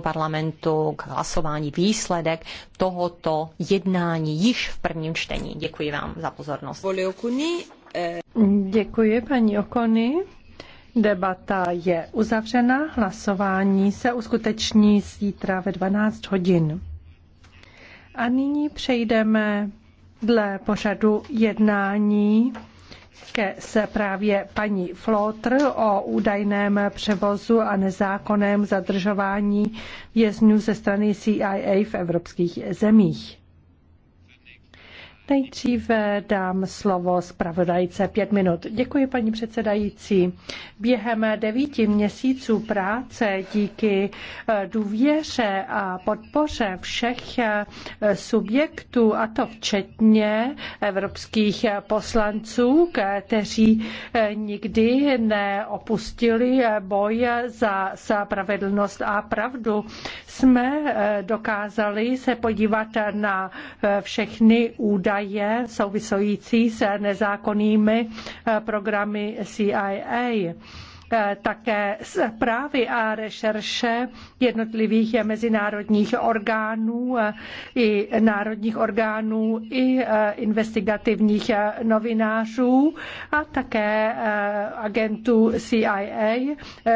parlamentu k hlasování výsledek tohoto jednání již v prvním čtení. Děkuji vám za pozornost. Eh. Děkuji, paní Okony. Debata je uzavřena, hlasování se uskuteční zítra ve 12 hodin. A nyní přejdeme dle pořadu jednání ke zprávě paní Flotr o údajném převozu a nezákonném zadržování vězňů ze strany CIA v evropských zemích. Nejdříve dám slovo zpravodajce pět minut. Děkuji, paní předsedající. Během devíti měsíců práce díky eh, důvěře a podpoře všech eh, subjektů, a to včetně evropských poslanců, kteří eh, nikdy neopustili boj za spravedlnost a pravdu, jsme dokázali se podívat na všechny údaje, údaje související s nezákonnými eh, programy CIA eh, také zprávy a rešerše jednotlivých mezinárodních orgánů eh, i národních orgánů i investigativních novinářů a také agentů CIA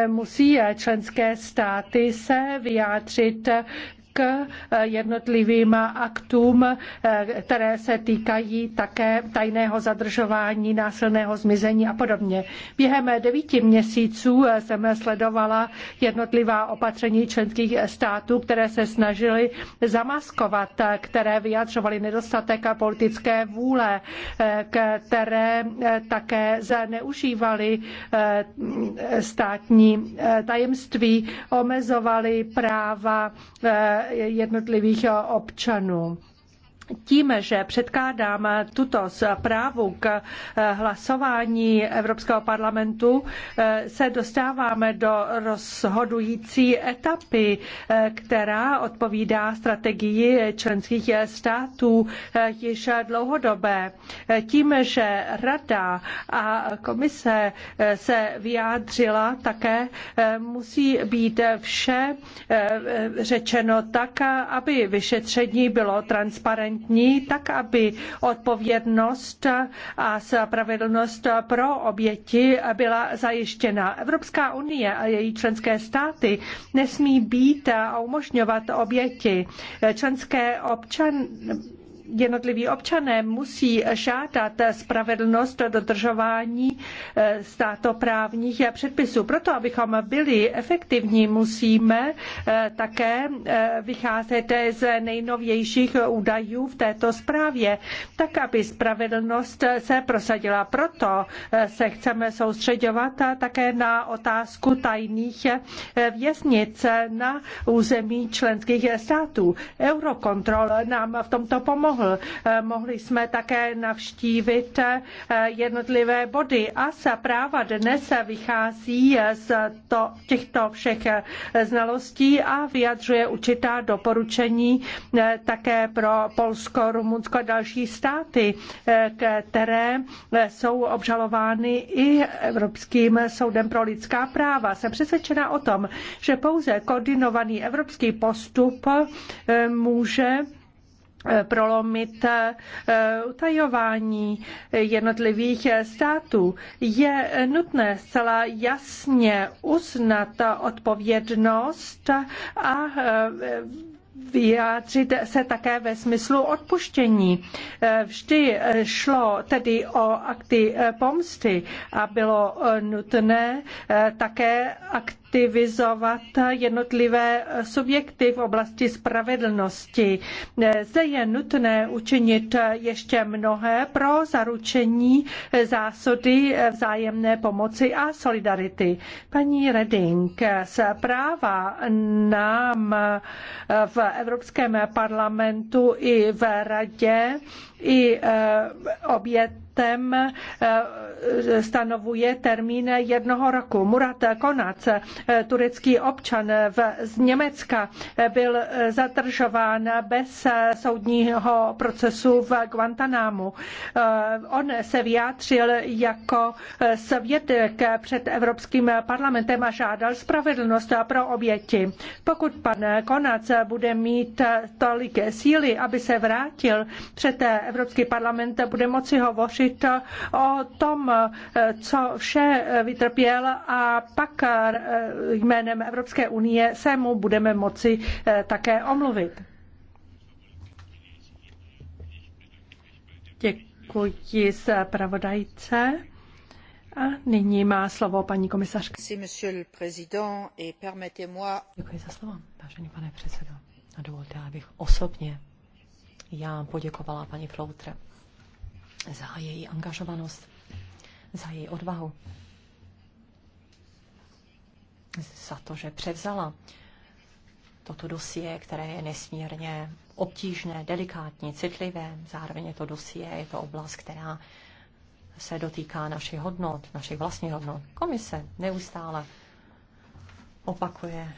musí členské státy se vyjádřit k eh, jednotlivým aktům, eh, které se týkají také tajného zadržování, násilného zmizení a podobně. Během devíti měsíců eh, jsem sledovala jednotlivá opatření členských států, které se snažily zamaskovat, které vyjadřovaly nedostatek a politické vůle, které také zneužívaly státní tajemství, omezovaly práva jednotlivých eh, občanů tím, že předkládám tuto zprávu k eh, hlasování Evropského parlamentu, eh, se dostáváme do rozhodující etapy, eh, která odpovídá strategii členských států již dlouhodobé. Tím, že Rada a komise se vyjádřila také, musí být vše řečeno tak, aby vyšetření bylo transparentní transparentní, tak aby odpovědnost a spravedlnost pro oběti byla zajištěna. Evropská unie a její členské státy nesmí být a umožňovat oběti. Členské občan, jednotliví občané musí žádat spravedlnost dodržování eh, státoprávních předpisů. Proto, abychom byli efektivní, musíme eh, také eh, vycházet z nejnovějších údajů v této zprávě, tak aby spravedlnost se prosadila. Proto se chceme soustředovat také na otázku tajných věznic na území členských států. Eurokontrol nám v tomto pomohl pomohl. Eh, mohli jsme také navštívit eh, jednotlivé body a práva dnes vychází z to, těchto všech eh, znalostí a vyjadřuje určitá doporučení také pro Polsko, Rumunsko a další státy, které jsou obžalovány i Evropským soudem pro lidská práva. Jsem přesvědčena o tom, že pouze koordinovaný evropský postup může Eh, prolomit eh, utajování jednotlivých států. Je nutné zcela jasně uznat odpovědnost a eh, vyjádřit se také ve smyslu odpuštění. Vždy šlo tedy o akty pomsty a bylo nutné také akty aktivizovat jednotlivé subjekty v oblasti spravedlnosti. Zde je nutné učinit ještě mnohé pro zaručení zásady vzájemné pomoci a solidarity. Paní Reding, zpráva nám v Evropském parlamentu i v Radě i eh, obětem eh, stanovuje termín jednoho roku. Murat Konac, eh, turecký občan v, z Německa, byl zadržován bez soudního procesu v Guantanámu. On se vyjádřil jako svědek před Evropským parlamentem a žádal spravedlnost pro oběti. Pokud pan Konac bude mít tolik síly, aby se vrátil před Evropský parlament bude moci hovořit o tom, co vše vytrpěl a pak jménem Evropské unie se mu budeme moci také omluvit. Děkuji zpravodajce. A nyní má slovo paní komisařka. Děkuji za slovo, vážený pane předsedo. A dovolte, abych osobně já poděkovala paní Floutre za její angažovanost, za její odvahu, za to, že převzala toto dosie, které je nesmírně obtížné, delikátní, citlivé. Zároveň je to dosie, je to oblast, která se dotýká našich hodnot, našich vlastních hodnot. Komise neustále opakuje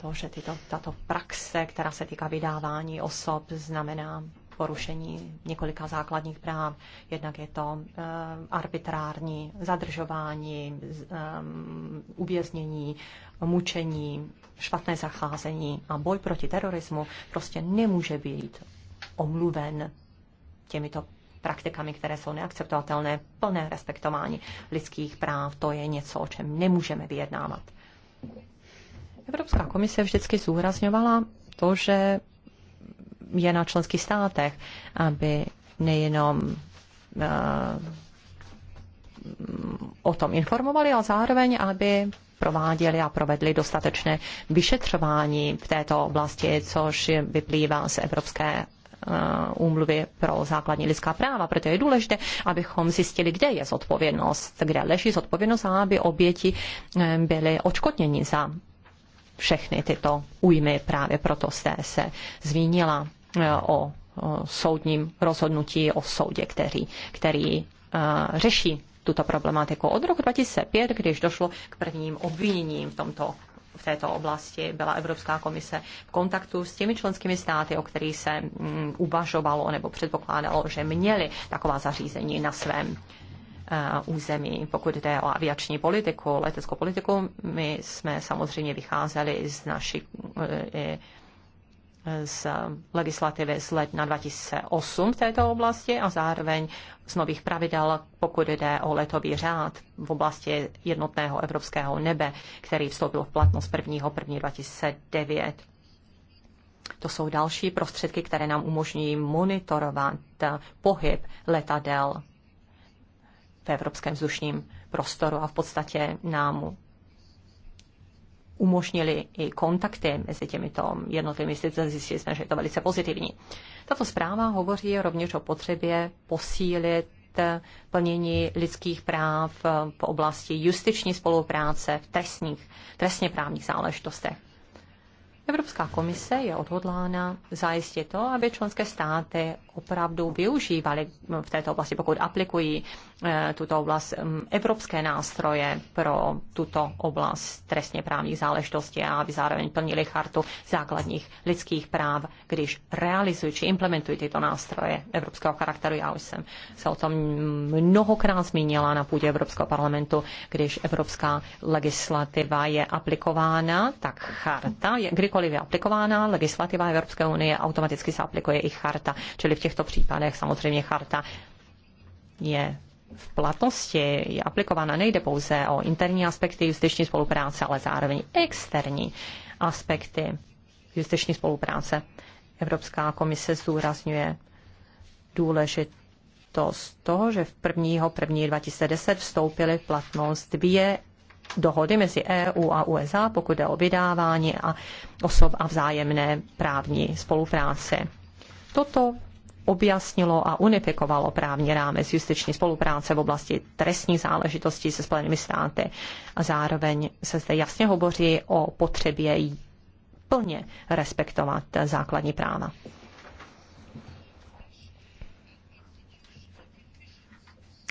to, že tyto, tato praxe, která se týká vydávání osob, znamená porušení několika základních práv. Jednak je to um, arbitrární zadržování, um, uvěznění, mučení, špatné zacházení a boj proti terorismu prostě nemůže být omluven těmito praktikami, které jsou neakceptovatelné, plné respektování lidských práv, to je něco, o čem nemůžeme vyjednávat. Evropská komise vždycky zúrazňovala to, že je na členských státech, aby nejenom eh, o tom informovali, ale zároveň, aby prováděli a provedli dostatečné vyšetřování v této oblasti, což vyplývá z Evropské eh, úmluvy pro základní lidská práva. Proto je důležité, abychom zjistili, kde je zodpovědnost, kde leží zodpovědnost a aby oběti eh, byly očkodněni za všechny tyto újmy. Právě proto jste se zmínila eh, o soudním rozhodnutí, o soudě, který, který eh, řeší tuto problematiku. Od roku 2005, když došlo k prvním obviněním v tomto v této oblasti byla Evropská komise v kontaktu s těmi členskými státy, o kterých se mm, uvažovalo nebo předpokládalo, že měli taková zařízení na svém Eh, území. Pokud jde o aviační politiku, leteckou politiku, my jsme samozřejmě vycházeli z naší eh, eh, z legislativy z na 2008 v této oblasti a zároveň z nových pravidel, pokud jde o letový řád v oblasti jednotného evropského nebe, který vstoupil v platnost 1. 1. 2009. To jsou další prostředky, které nám umožní monitorovat pohyb letadel v evropském vzdušním prostoru a v podstatě nám umožnili i kontakty mezi těmito jednotlivými instituce, Zjistili jsme, že je to velice pozitivní. Tato zpráva hovoří rovněž o potřebě posílit plnění lidských práv v oblasti justiční spolupráce v trestních, trestně právních záležitostech. Evropská komise je odhodlána zajistit to, aby členské státy opravdu využívaly mm, v této oblasti, pokud aplikují eh, tuto oblast mm, evropské nástroje pro tuto oblast trestně právních záležitostí a aby zároveň plnili chartu základních lidských práv, když realizují či implementují tyto nástroje evropského charakteru. Já už jsem se o tom mnohokrát zmínila na půdě Evropského parlamentu, když evropská legislativa je aplikována, tak charta, kdykoliv kdekoliv je aplikována legislativa Evropské unie, automaticky se aplikuje i charta. Čili v těchto případech samozřejmě charta je v platnosti je aplikována, nejde pouze o interní aspekty justiční spolupráce, ale zároveň externí aspekty justiční spolupráce. Evropská komise zdůrazňuje důležitost toho, že v 1. 1. 2010 vstoupily v platnost dvě dohody mezi EU a USA, pokud jde o vydávání a osob a vzájemné právní spolupráce. Toto objasnilo a unifikovalo právní rámec justiční spolupráce v oblasti trestní záležitostí se Spojenými státy a zároveň se zde jasně hovoří o potřebě plně respektovat základní práva.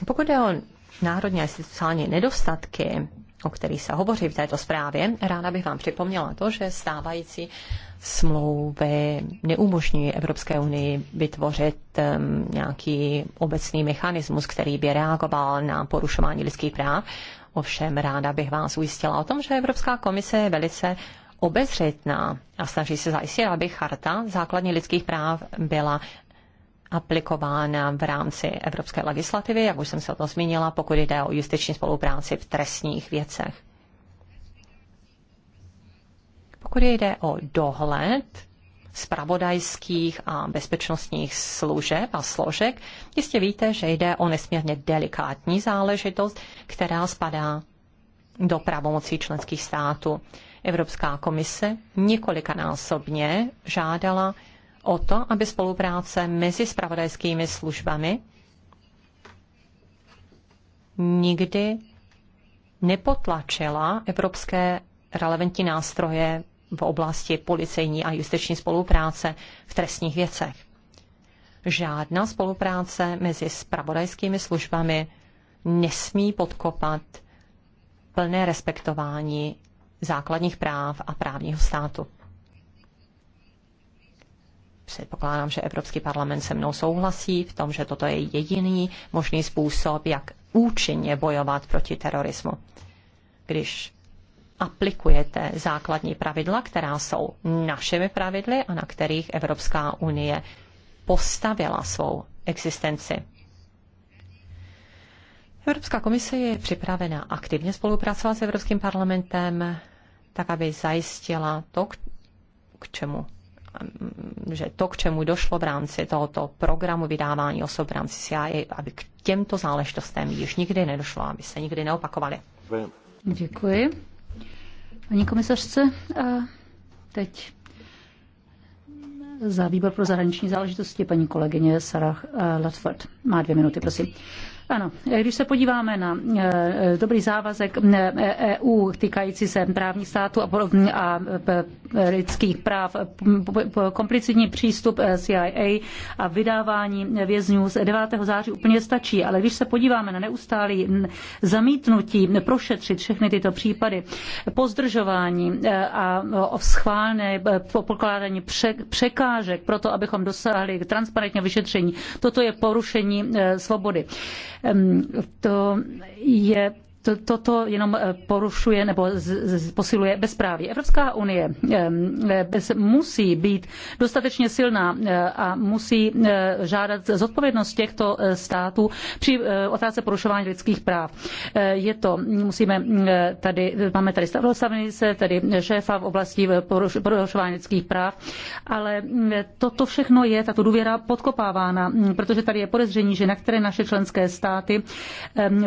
Pokud je o národní a institucionální nedostatky, o kterých se hovoří v této zprávě, ráda bych vám připomněla to, že stávající smlouvy neumožňují Evropské unii vytvořit um, nějaký obecný mechanismus, který by reagoval na porušování lidských práv. Ovšem ráda bych vás ujistila o tom, že Evropská komise je velice obezřetná a snaží se zajistit, aby charta základní lidských práv byla aplikována v rámci evropské legislativy, jak už jsem se o tom zmínila, pokud jde o justiční spolupráci v trestních věcech. Pokud jde o dohled spravodajských a bezpečnostních služeb a složek, jistě víte, že jde o nesmírně delikátní záležitost, která spadá do pravomocí členských států. Evropská komise několikanásobně žádala o to, aby spolupráce mezi spravodajskými službami nikdy nepotlačila evropské relevantní nástroje v oblasti policejní a justiční spolupráce v trestních věcech. Žádná spolupráce mezi spravodajskými službami nesmí podkopat plné respektování základních práv a právního státu předpokládám, že Evropský parlament se mnou souhlasí v tom, že toto je jediný možný způsob, jak účinně bojovat proti terorismu. Když aplikujete základní pravidla, která jsou našimi pravidly a na kterých Evropská unie postavila svou existenci. Evropská komise je připravena aktivně spolupracovat s Evropským parlamentem, tak aby zajistila to, k čemu Mm, že to, k čemu došlo v rámci tohoto programu vydávání osob v rámci CIA, aby k těmto záležitostem již nikdy nedošlo, aby se nikdy neopakovaly. Děkuji. Paní komisařce, a teď za výbor pro zahraniční záležitosti paní kolegyně Sarah eh, Latford. Má dvě minuty, prosím. Ano, eh, když se podíváme na eh, dobrý závazek EU eh, e týkající se právních států a lidských práv, komplicitní přístup CIA a vydávání vězňů z 9. září úplně stačí, ale když se podíváme na neustálý zamítnutí prošetřit všechny tyto případy, pozdržování a schválné pokládání překážek pro to, abychom dosáhli transparentního vyšetření, toto je porušení svobody. To je toto jenom eh, porušuje nebo posiluje bezpráví. Evropská unie eh, eh, musí být dostatečně silná a musí žádat zodpovědnost těchto států při otázce porušování lidských práv. Je to, musíme tady, máme tady stavnice, tedy šéfa v oblasti porušování lidských práv, ale mm, toto všechno je, tato důvěra podkopávána, mm, protože tady je podezření, že na které naše členské státy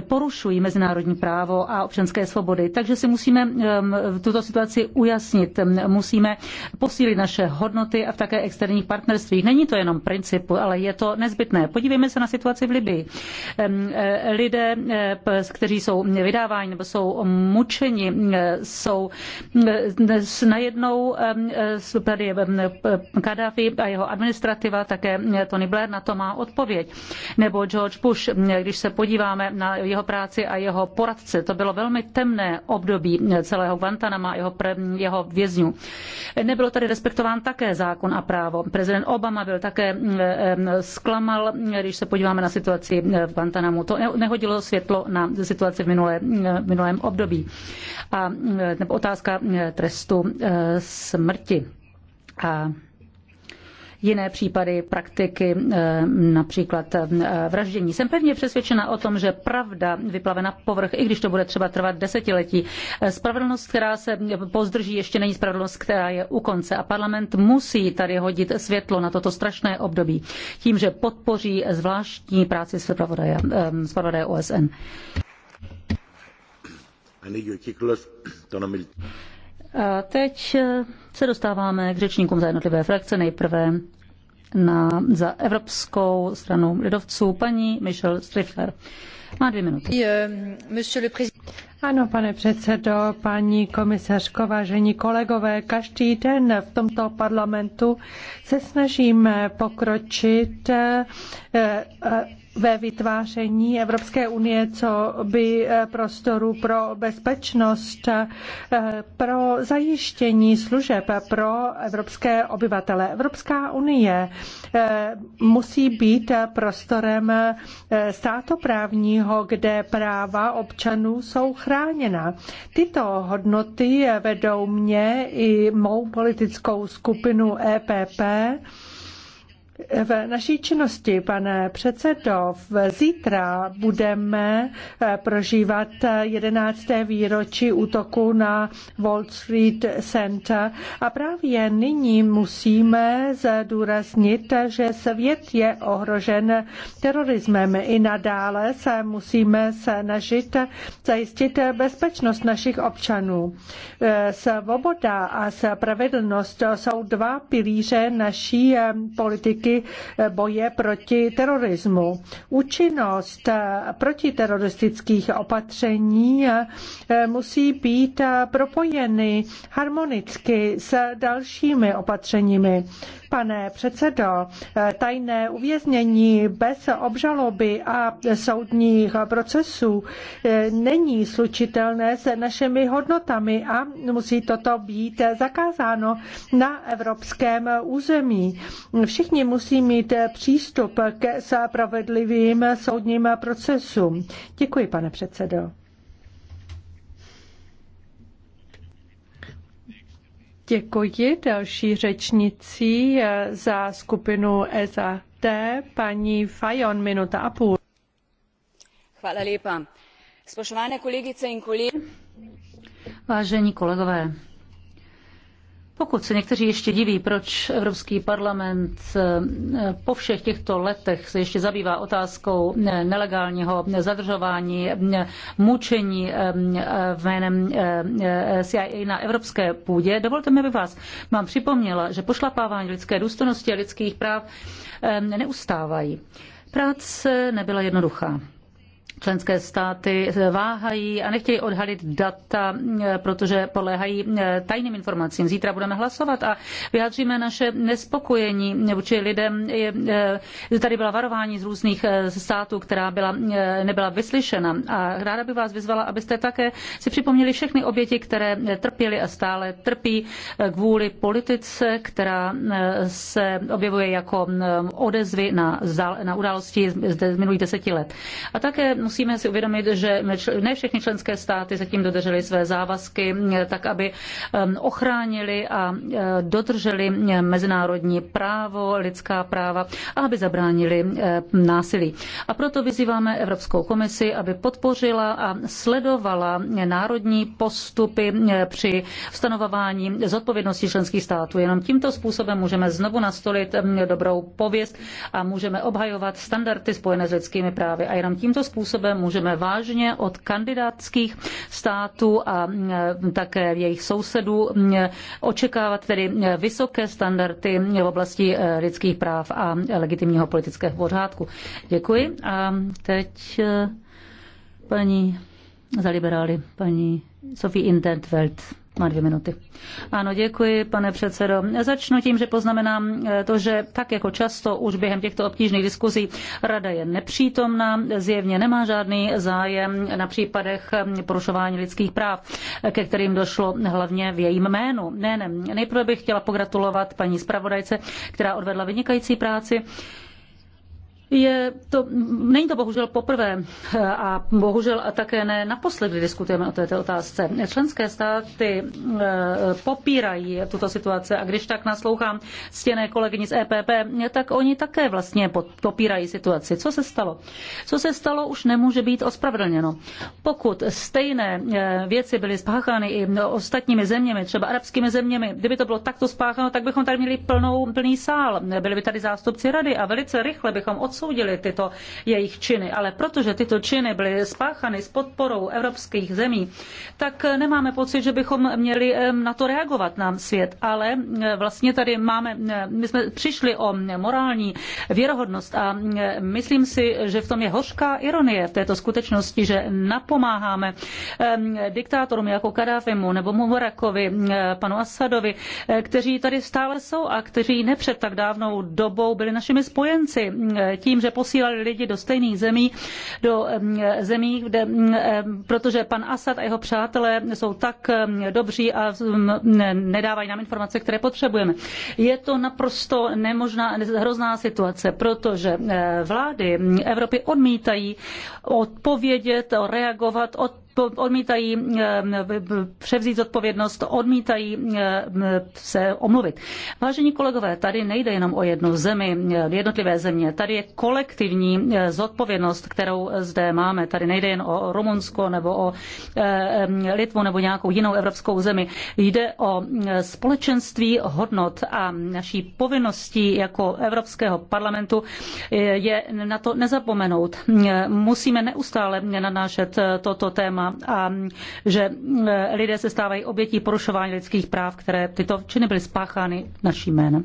porušují mezinárodní právo a občanské svobody. Takže si musíme tuto situaci ujasnit. Musíme posílit naše hodnoty a v také externích partnerstvích. Není to jenom princip, ale je to nezbytné. Podívejme se na situaci v Libii. E, lidé, e, kteří jsou vydáváni nebo jsou mučeni, e, jsou najednou tady je Kadáfi a jeho administrativa, také Tony Blair na to má odpověď. Nebo George Bush, když se podíváme na jeho práci a jeho poradce, poradce. To bylo velmi temné období celého Guantanama a jeho, jeho vězňů. Nebylo tady respektován také zákon a právo. Prezident Obama byl také eh, eh, zklamal, když se podíváme na situaci eh, v Guantanamu. To nehodilo světlo na situaci v, minulé, v minulém období. A nebo otázka trestu smrti. A jiné případy praktiky, eh, například eh, vraždění. Jsem pevně přesvědčena o tom, že pravda vyplave na povrch, i když to bude třeba trvat desetiletí. Eh, spravedlnost, která se pozdrží, ještě není spravedlnost, která je u konce. A parlament musí tady hodit světlo na toto strašné období tím, že podpoří zvláštní práci zpravodaje OSN. A teď se dostáváme k řečníkům za jednotlivé frakce. Nejprve na, za Evropskou stranu lidovců paní Michelle Strifler. Má dvě minuty. Ano, pane předsedo, paní komisařko, vážení kolegové, každý den v tomto parlamentu se snažíme pokročit eh, eh, ve vytváření Evropské unie, co by eh, prostoru pro bezpečnost, eh, pro zajištění služeb pro evropské obyvatele. Evropská unie eh, musí být prostorem státoprávního, kde práva občanů jsou chráněna. Tyto hodnoty vedou mě i mou politickou skupinu EPP v naší činnosti, pane předsedo, zítra budeme eh, prožívat 11. Eh, výročí útoku na Wall Street Center a právě nyní musíme zdůraznit, že svět je ohrožen terorismem. I nadále se musíme snažit zajistit bezpečnost našich občanů. Eh, svoboda a spravedlnost jsou dva pilíře naší politiky podmínky eh, boje proti terorismu. Účinnost eh, protiteroristických opatření eh, musí být propojeny harmonicky s dalšími opatřeními pane předsedo. Eh, tajné uvěznění bez obžaloby a soudních procesů eh, není slučitelné s našimi hodnotami a musí toto být zakázáno na evropském území. Všichni musí mít přístup ke spravedlivým soudním procesům. Děkuji, pane předsedo. Děkuji další řečnicí eh, za skupinu SAT, paní Fajon, minuta a půl. Hvala lepa. Spoštovane kolegice in kolegi. Vážení kolegové, pokud se někteří ještě diví, proč Evropský parlament eh, po všech těchto letech se ještě zabývá otázkou eh, nelegálního zadržování, eh, mučení jménem CIA na evropské půdě, dovolte mi, aby vás mám připomněla, že pošlapávání lidské důstojnosti a lidských práv neustávají. Práce nebyla jednoduchá členské státy váhají a nechtějí odhalit data, eh, protože podléhají eh, tajným informacím. Zítra budeme hlasovat a vyjádříme naše nespokojení vůči lidem. Eh, tady byla varování z různých států, která byla, nebyla vyslyšena. A ráda bych vás vyzvala, abyste také si připomněli všechny oběti, které trpěly a stále trpí kvůli politice, která se objevuje jako odezvy na, na události z minulých deseti let. A také musíme si uvědomit, že ne všechny členské státy zatím dodržely své závazky, tak aby um, ochránili a uh, dodrželi um, mezinárodní právo, lidská práva a aby zabránili uh, násilí. A proto vyzýváme Evropskou komisi, aby podpořila a sledovala národní postupy uh, při stanovování zodpovědnosti členských států. Jenom tímto způsobem můžeme znovu nastolit um, dobrou pověst a můžeme obhajovat standardy spojené s lidskými právy. A jenom tímto způsobem způsobem můžeme vážně od kandidátských států a také jejich sousedů očekávat tedy vysoké standardy v oblasti e, lidských práv a legitimního politického pořádku. Děkuji. A teď e, paní za liberály, paní Sophie Intentveld má dvě minuty. Ano, děkuji, pane předsedo. Začnu tím, že poznamenám eh, to, že tak jako často už během těchto obtížných diskuzí rada je nepřítomná, zjevně nemá žádný zájem na případech eh, porušování lidských práv, eh, ke kterým došlo hlavně v jejím jménu. Ne, ne, nejprve bych chtěla pogratulovat paní zpravodajce, která odvedla vynikající práci. Je to, není to bohužel poprvé a bohužel také ne naposledy diskutujeme o této otázce. Členské státy e, popírají tuto situaci a když tak naslouchám stěné kolegyni z EPP, tak oni také vlastně popírají situaci. Co se stalo? Co se stalo, už nemůže být ospravedlněno. Pokud stejné e, věci byly spáchány i ostatními zeměmi, třeba arabskými zeměmi, kdyby to bylo takto spácháno, tak bychom tady měli plnou, plný sál. Byli by tady zástupci rady a velice rychle bychom odsoudili odsoudili tyto jejich činy, ale protože tyto činy byly spáchany s podporou evropských zemí, tak eh, nemáme pocit, že bychom měli eh, na to reagovat nám svět, ale eh, vlastně tady máme, my jsme přišli o morální věrohodnost a myslím si, že v tom je hořká ironie v této skutečnosti, že napomáháme diktátorům jako Kadáfimu nebo Mubarakovi, panu Asadovi, kteří tady stále jsou a kteří nepřed tak dávnou dobou byli našimi spojenci. Ti tím, že posílali lidi do stejných zemí, do zemí, kde, protože pan Assad a jeho přátelé jsou tak dobří a nedávají nám informace, které potřebujeme. Je to naprosto nemožná, hrozná situace, protože eh, vlády Evropy odmítají odpovědět, reagovat, od odmítají eh, převzít zodpovědnost, odmítají eh, se omluvit. Vážení kolegové, tady nejde jenom o jednu zemi, eh, jednotlivé země. Tady je kolektivní zodpovědnost, kterou zde máme. Tady nejde jen o Rumunsko nebo o Litvu nebo nějakou jinou evropskou zemi. Jde o společenství hodnot a naší povinností jako Evropského parlamentu je na to nezapomenout. Musíme neustále nanášet toto téma a že e, lidé se stávají obětí porušování lidských práv, které tyto činy byly spáchány naším jménem.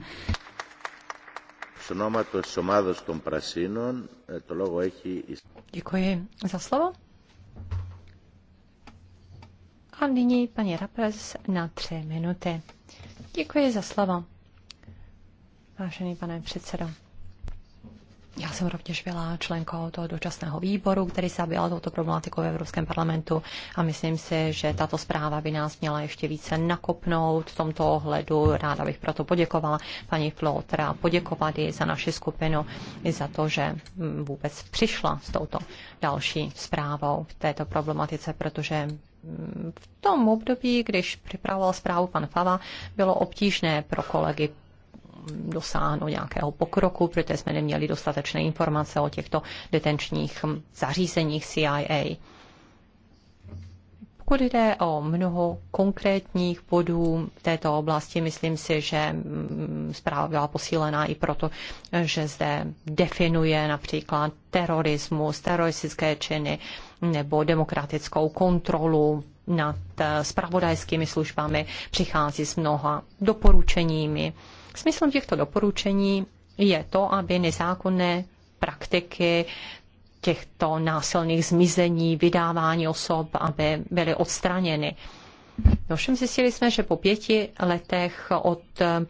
Děkuji za slovo. A nyní paní Rapres na tři minuty. Děkuji za slovo, vážený pane předsedo. Já jsem rovněž byla členkou toho dočasného výboru, který se zabýval touto problematikou v Evropském parlamentu a myslím si, že tato zpráva by nás měla ještě více nakopnout v tomto ohledu. Ráda bych proto poděkovala paní Flotra a poděkovat i za naši skupinu, i za to, že vůbec přišla s touto další zprávou v této problematice, protože v tom období, když připravoval zprávu pan Fava, bylo obtížné pro kolegy dosáhnout nějakého pokroku, protože jsme neměli dostatečné informace o těchto detenčních zařízeních CIA. Pokud jde o mnoho konkrétních bodů této oblasti, myslím si, že mm, zpráva byla posílená i proto, že zde definuje například terorismus, teroristické činy nebo demokratickou kontrolu nad eh, spravodajskými službami, přichází s mnoha doporučeními Smyslem těchto doporučení je to, aby nezákonné praktiky těchto násilných zmizení, vydávání osob, aby byly odstraněny. Ovšem zjistili jsme, že po pěti letech od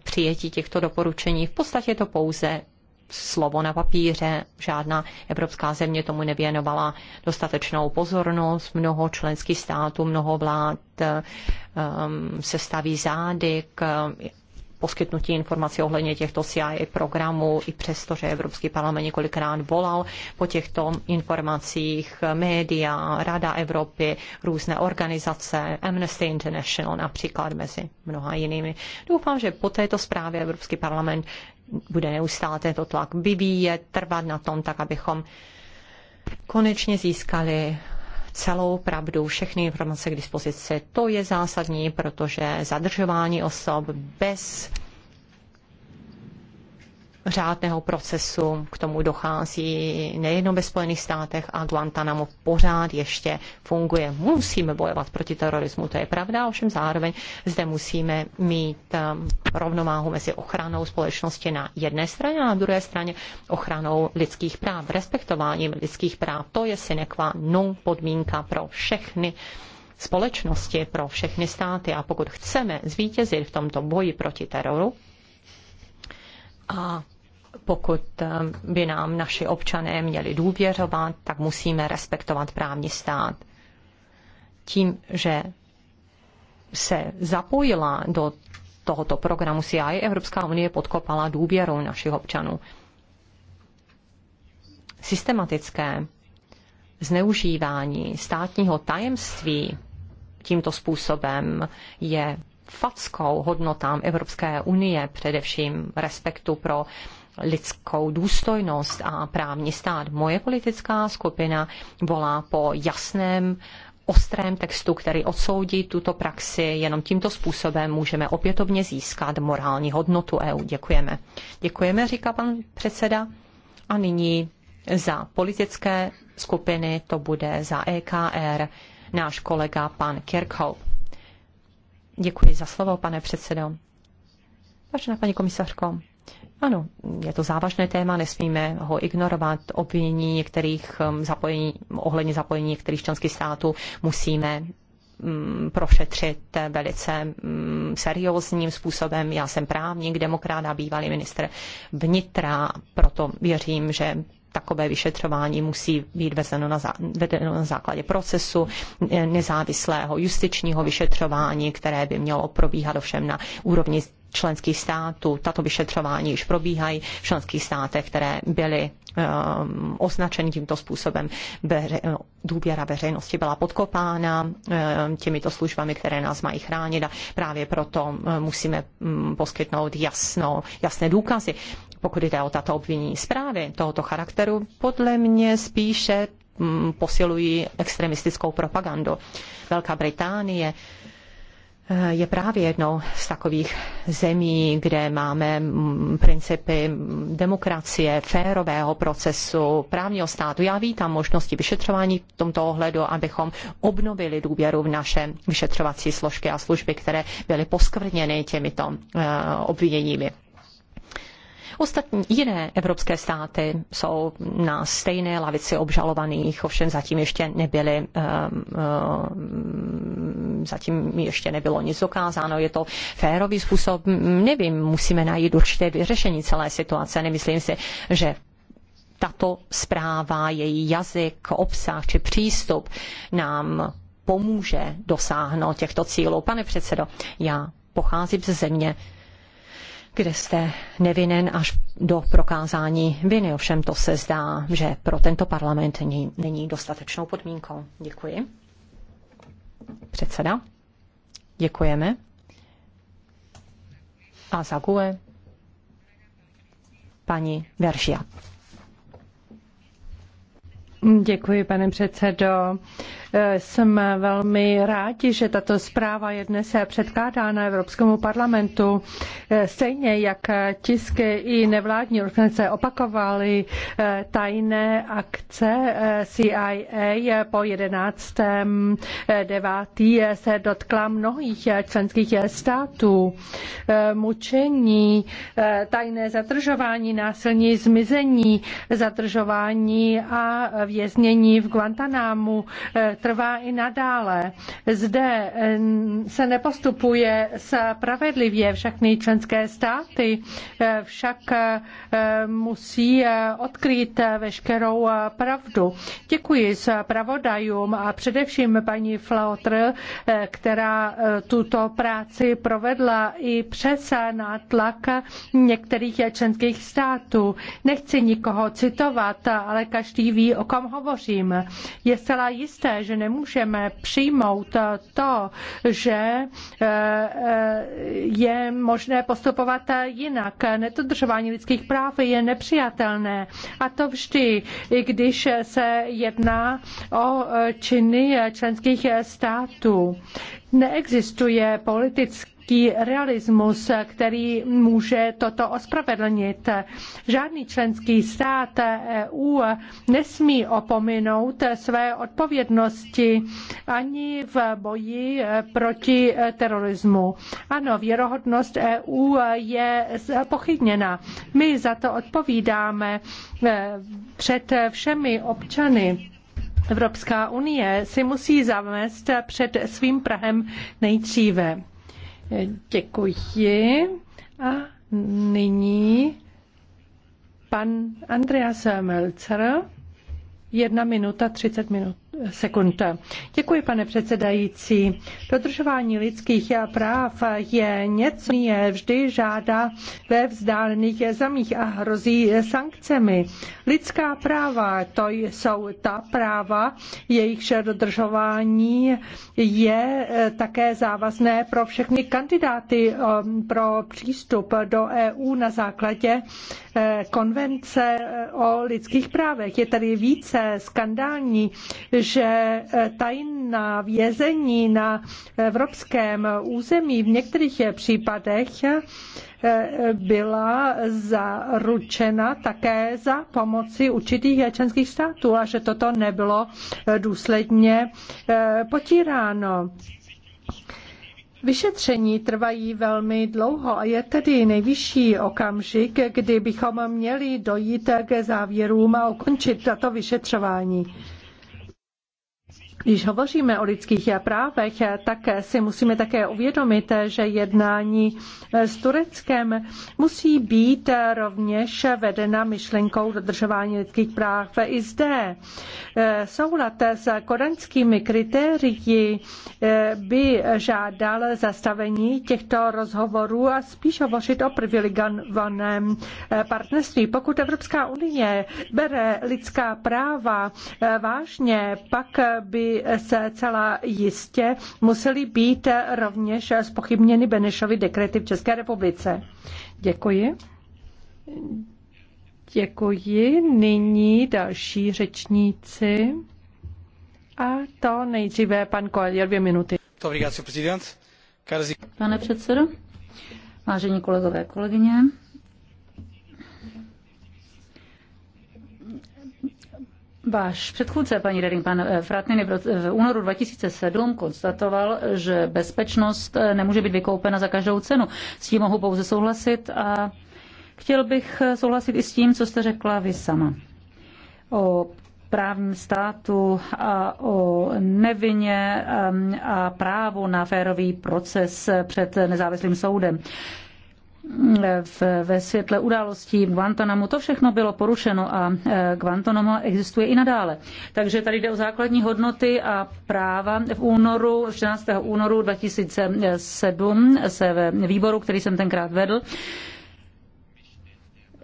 přijetí těchto doporučení v podstatě to pouze slovo na papíře. Žádná evropská země tomu nevěnovala dostatečnou pozornost. Mnoho členských států, mnoho vlád um, ehm, se staví zády k poskytnutí informací ohledně těchto CIA programů, i přesto, že Evropský parlament několikrát volal po těchto informacích, média, Rada Evropy, různé organizace, Amnesty International například mezi mnoha jinými. Doufám, že po této zprávě Evropský parlament bude neustále tento tlak vyvíjet, trvat na tom, tak abychom konečně získali celou pravdu, všechny informace k dispozici. To je zásadní, protože zadržování osob bez řádného procesu. K tomu dochází nejenom ve Spojených státech a Guantanamo pořád ještě funguje. Musíme bojovat proti terorismu, to je pravda, ovšem zároveň zde musíme mít um, rovnováhu mezi ochranou společnosti na jedné straně a na druhé straně ochranou lidských práv, respektováním lidských práv. To je sine qua non podmínka pro všechny společnosti, pro všechny státy. A pokud chceme zvítězit v tomto boji proti teroru, a pokud eh, by nám naši občané měli důvěřovat, tak musíme respektovat právní stát. Tím, že se zapojila do tohoto programu CIA, Evropská unie podkopala důvěru našich občanů. Systematické zneužívání státního tajemství tímto způsobem je fackou hodnotám Evropské unie, především respektu pro lidskou důstojnost a právní stát. Moje politická skupina volá po jasném ostrém textu, který odsoudí tuto praxi. Jenom tímto způsobem můžeme opětovně získat morální hodnotu EU. Děkujeme. Děkujeme, říká pan předseda. A nyní za politické skupiny to bude za EKR náš kolega pan Kirchhoff. Děkuji za slovo, pane předsedo. Vážená paní komisařko, ano, je to závažné téma, nesmíme ho ignorovat. Obvinění některých um, zapojení, ohledně zapojení některých členských států musíme mm, prošetřit velice mm, seriózním způsobem. Já jsem právník, demokrát a bývalý ministr vnitra, proto věřím, že takové vyšetřování musí být vezeno na, zá, vedeno na základě procesu nezávislého justičního vyšetřování, které by mělo probíhat ovšem na úrovni členských států. Tato vyšetřování již probíhají v členských státech, které byly um, označeny tímto způsobem. důvěra veřejnosti byla podkopána ehm, těmito službami, které nás mají chránit a právě proto ehm, musíme mm, poskytnout jasno, jasné důkazy. Pokud jde o tato obvinění zprávy tohoto charakteru, podle mě spíše mm, posilují extremistickou propagandu. Velká Británie je právě jednou z takových zemí, kde máme principy demokracie, férového procesu, právního státu. Já vítám možnosti vyšetřování v tomto ohledu, abychom obnovili důvěru v naše vyšetřovací složky a služby, které byly poskvrněny těmito eh, obviněními. Ostatní jiné evropské státy jsou na stejné lavici obžalovaných, ovšem zatím ještě nebyly, eh, eh, zatím ještě nebylo nic dokázáno. Je to férový způsob, nevím, musíme najít určité vyřešení celé situace. Nemyslím si, že tato zpráva, její jazyk, obsah či přístup nám pomůže dosáhnout těchto cílů. Pane předsedo, já pocházím ze země, kde jste nevinen až do prokázání viny. Ovšem to se zdá, že pro tento parlament není, není dostatečnou podmínkou. Děkuji. Předseda. Děkujeme. A za GUE, paní Veržia. Děkuji, pane předsedo. Eh, jsem velmi rádi, že tato zpráva je dnes předkládána Evropskému parlamentu. Eh, stejně jak tisky i nevládní organizace opakovaly eh, tajné akce CIA po 11. 9. se dotkla mnohých členských států. Mučení, tajné zadržování, násilní zmizení, zadržování a věznění v Guantanámu trvá i nadále. Zde eh, se nepostupuje spravedlivě, všechny členské státy eh, však eh, musí odkrýt veškerou pravdu. Děkuji zpravodajům a především paní Flautr, která tuto práci provedla i přes nátlak některých členských států. Nechci nikoho citovat, ale každý ví, o kom hovořím. Je zcela jisté, že nemůžeme přijmout to, že eh, eh, je možné postupovat jinak. Nedodržování lidských práv je nepřijatelné. A to vždy, i když se jedná o eh, činy členských států. Neexistuje politický nějaký realismus, který může toto ospravedlnit. Žádný členský stát EU nesmí opominout své odpovědnosti ani v boji proti terorismu. Ano, věrohodnost EU je pochybněna. My za to odpovídáme e, před všemi občany. Evropská unie si musí zavést před svým Prahem nejdříve. Děkuji. A nyní pan Andreas Melzer. Jedna minuta, třicet minut sekund. Děkuji, pane předsedající. Dodržování lidských práv je něco, je vždy žádá ve vzdálených zemích a hrozí sankcemi. Lidská práva, to jsou ta práva, jejichž dodržování je také závazné pro všechny kandidáty um, pro přístup do EU na základě eh, konvence eh, o lidských právech. Je tady více skandální, že eh, tajná vězení na evropském území v některých případech eh, byla zaručena také za pomoci určitých členských států a že toto nebylo důsledně eh, potíráno. Vyšetření trvají velmi dlouho a je tedy nejvyšší okamžik, kdy bychom měli dojít k závěrům a ukončit tato vyšetřování. Když hovoříme o lidských právech, tak si musíme také uvědomit, že jednání s Tureckem musí být rovněž vedena myšlenkou dodržování lidských práv i zde. Soulad s kodaňskými kritérii by žádal zastavení těchto rozhovorů a spíš hovořit o privilegovaném partnerství. Pokud Evropská unie bere lidská práva vážně, pak by se celá jistě musely být rovněž spochybněny Benešovy dekrety v České republice. Děkuji. Děkuji. Nyní další řečníci. A to nejdříve pan Koelio, dvě minuty. Pane předsedo, vážení kolegové, kolegyně, Váš předchůdce, paní Redding, pan eh, Fratniny, v únoru 2007 konstatoval, že bezpečnost eh, nemůže být vykoupena za každou cenu. S tím mohu pouze souhlasit a chtěl bych eh, souhlasit i s tím, co jste řekla vy sama. O právním státu a o nevině ehm, a právu na férový proces před nezávislým soudem v, ve světle událostí v Guantanamu. To všechno bylo porušeno a e, Guantanamo existuje i nadále. Takže tady jde o základní hodnoty a práva. V únoru, 14. únoru 2007 se ve výboru, který jsem tenkrát vedl,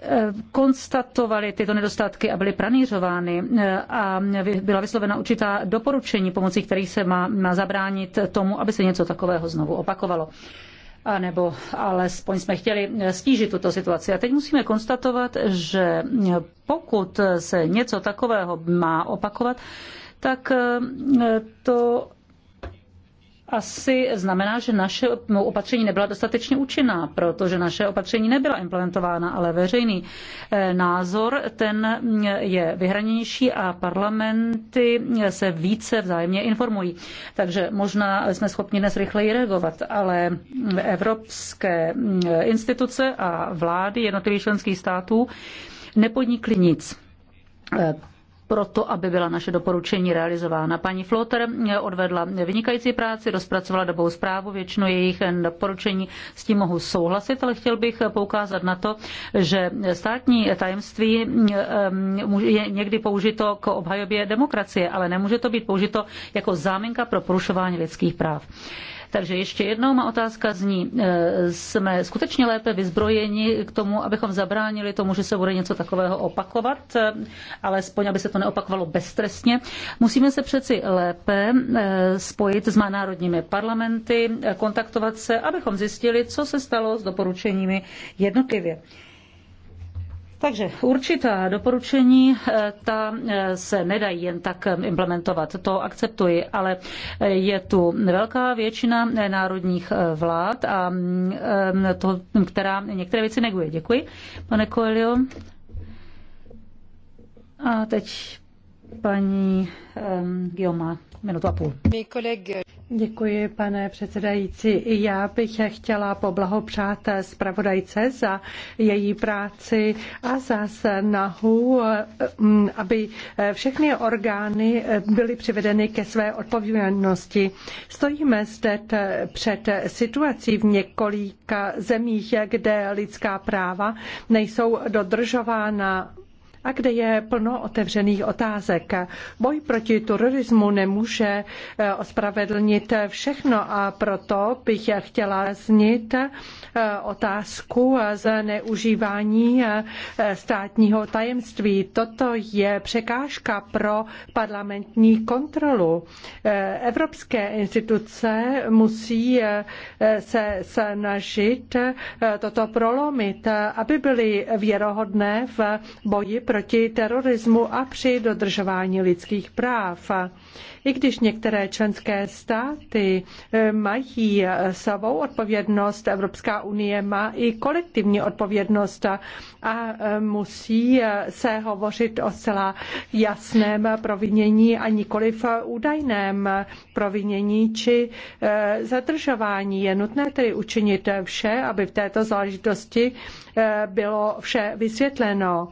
e, konstatovali tyto nedostatky a byly pranířovány e, a byla vyslovena určitá doporučení, pomocí kterých se má, má zabránit tomu, aby se něco takového znovu opakovalo nebo alespoň jsme chtěli stížit tuto situaci. A teď musíme konstatovat, že pokud se něco takového má opakovat, tak to asi znamená, že naše opatření nebyla dostatečně účinná, protože naše opatření nebyla implementována, ale veřejný eh, názor ten eh, je vyhraněnější a parlamenty eh, se více vzájemně informují. Takže možná jsme schopni dnes rychleji reagovat, ale mm, evropské mm, instituce a vlády jednotlivých členských států nepodnikly nic pro to, aby byla naše doporučení realizována. Paní Flotter odvedla vynikající práci, rozpracovala dobou zprávu, většinu jejich doporučení s tím mohu souhlasit, ale chtěl bych poukázat na to, že státní tajemství ehm, je někdy použito k obhajobě demokracie, ale nemůže to být použito jako záminka pro porušování lidských práv. Takže ještě jednou má otázka zní, eh, jsme skutečně lépe vyzbrojeni k tomu, abychom zabránili tomu, že se bude něco takového opakovat, eh, alespoň aby se to neopakovalo beztrestně. Musíme se přeci lépe eh, spojit s národními parlamenty, kontaktovat se, abychom zjistili, co se stalo s doporučeními jednotlivě. Takže určitá doporučení, eh, ta eh, se nedají jen tak eh, implementovat, to akceptuji, ale je tu velká většina národních vlád, a mm, to, která některé věci neguje. Děkuji, pane Coelho. A teď paní um, Gioma minutu a půl. Děkuji, pane předsedající. I já bych chtěla poblahopřát zpravodajce za její práci a za snahu, mm, aby všechny orgány byly přivedeny ke své odpovědnosti. Stojíme zde před situací v několika zemích, kde lidská práva nejsou dodržována a kde je plno otevřených otázek. Boj proti terorismu nemůže eh, ospravedlnit všechno a proto bych chtěla znít eh, otázku z neužívání eh, státního tajemství. Toto je překážka pro parlamentní kontrolu. Evropské instituce musí se snažit toto prolomit, aby byly věrohodné v boji proti proti terorismu a při dodržování lidských práv. I když některé členské státy eh, mají savou odpovědnost, Evropská unie má i kolektivní odpovědnost a eh, musí eh, se hovořit o celá jasném provinění a v údajném provinění či zadržování. Je nutné tedy učinit vše, aby v této záležitosti bylo vše vysvětleno.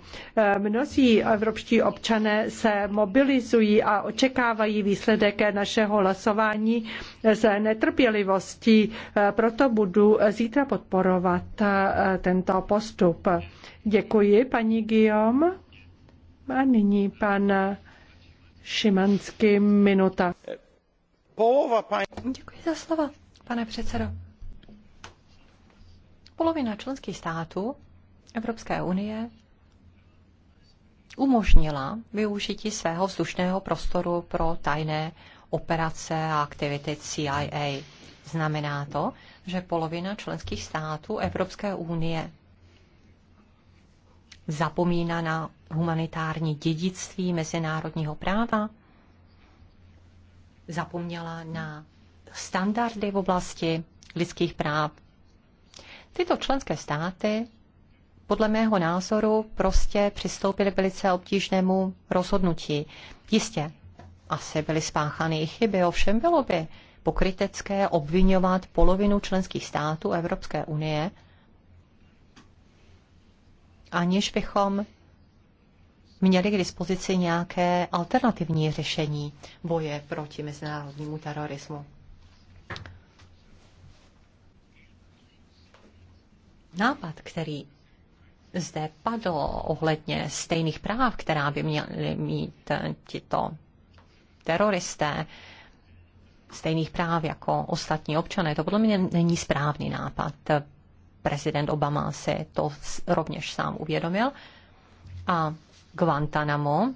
Mnozí evropští občané se mobilizují a očekávají čekají výsledek našeho hlasování s netrpělivostí, proto budu zítra podporovat tento postup. Děkuji, paní Guillaume. A nyní pan Šimanský minuta. Polova, paní... Děkuji za slova, pane předsedo. Polovina členských států Evropské unie umožnila využití svého vzdušného prostoru pro tajné operace a aktivity CIA. Znamená to, že polovina členských států Evropské unie zapomíná na humanitární dědictví mezinárodního práva, zapomněla na standardy v oblasti lidských práv. Tyto členské státy podle mého názoru prostě přistoupili k velice obtížnému rozhodnutí. Jistě, asi byly spáchány i chyby, ovšem bylo by pokrytecké obvinovat polovinu členských států Evropské unie, aniž bychom měli k dispozici nějaké alternativní řešení boje proti mezinárodnímu terorismu. Nápad, který zde padlo ohledně stejných práv, která by měli mít eh, tito teroristé, stejných práv jako ostatní občané, to podle mě není správný nápad. Prezident Obama se to rovněž sám uvědomil. A Guantanamo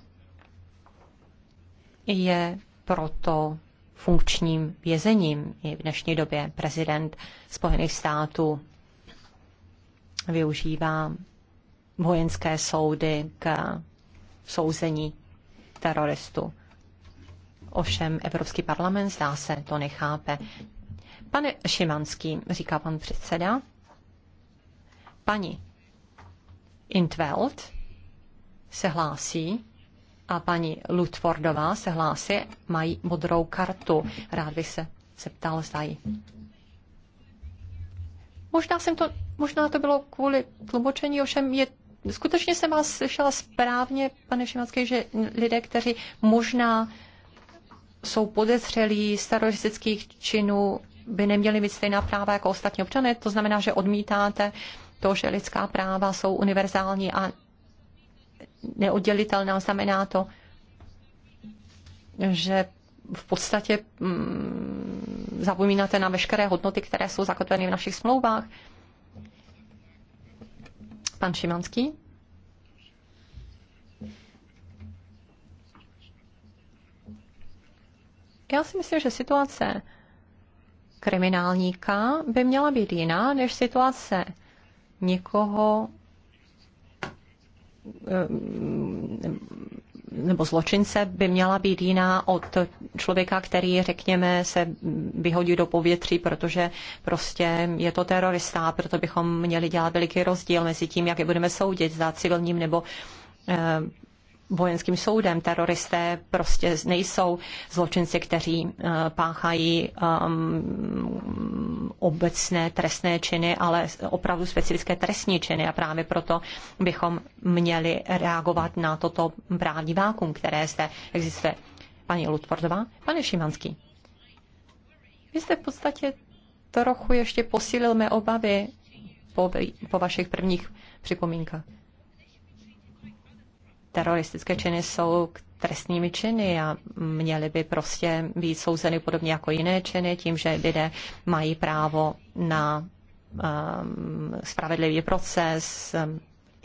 je proto funkčním vězením i v dnešní době. Prezident Spojených států využívá vojenské soudy k souzení teroristů. Ovšem Evropský parlament zdá se to nechápe. Pane Šimanský, říká pan předseda, paní Intveld se hlásí a paní Lutfordová se hlásí, mají modrou kartu. Rád bych se zeptal, zda Možná, jsem to, možná to bylo kvůli tlumočení, ovšem je skutečně jsem vás slyšela správně, pane Šimacký, že lidé, kteří možná jsou podezřelí z teroristických činů, by neměli mít stejná práva jako ostatní občané. To znamená, že odmítáte to, že lidská práva jsou univerzální a neoddělitelná. Znamená to, že v podstatě mm, zapomínáte na veškeré hodnoty, které jsou zakotveny v našich smlouvách. Pan Šimanský. Já si myslím, že situace kriminálníka by měla být jiná než situace někoho, nebo zločince by měla být jiná od člověka, který, řekněme, se vyhodí do povětří, protože prostě je to terorista, proto bychom měli dělat veliký rozdíl mezi tím, jak je budeme soudit za civilním nebo eh, vojenským soudem. Teroristé prostě nejsou zločinci, kteří eh, páchají um, obecné trestné činy, ale opravdu specifické trestní činy a právě proto bychom měli reagovat na toto právní vákum, které zde existuje. Paní Lutvordová, pane Šimanský, vy jste v podstatě trochu ještě posílil mé obavy po, po vašich prvních připomínkách teroristické činy jsou trestnými činy a měly by prostě být souzeny podobně jako jiné činy tím, že lidé mají právo na um, spravedlivý proces,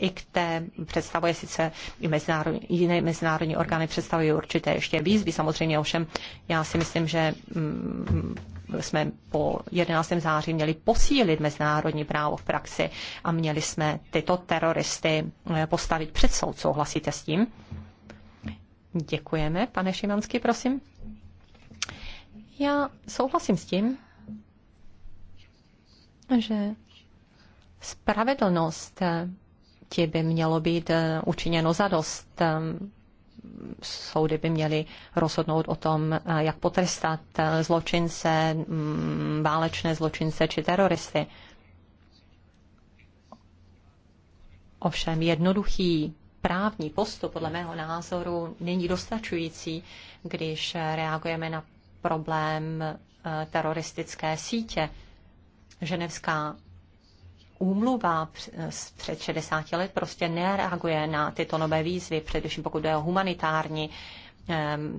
ICT představuje sice i mezinárodní, jiné mezinárodní orgány představují určité ještě výzvy, samozřejmě ovšem já si myslím, že mm, jsme po 11. září měli posílit mezinárodní právo v praxi a měli jsme tyto teroristy eh, postavit před soud. Souhlasíte s tím? Děkujeme, pane Šimanský, prosím. Já souhlasím s tím, že spravedlnost eh, oběti by mělo být eh, učiněno zadost. Eh, soudy by měly rozhodnout o tom, eh, jak potrestat zločince, mm, válečné zločince či teroristy. Ovšem jednoduchý právní postup podle mého názoru není dostačující, když reagujeme na problém teroristické sítě. Ženevská úmluva eh, z před 60 let prostě nereaguje na tyto nové výzvy, především pokud jde o humanitární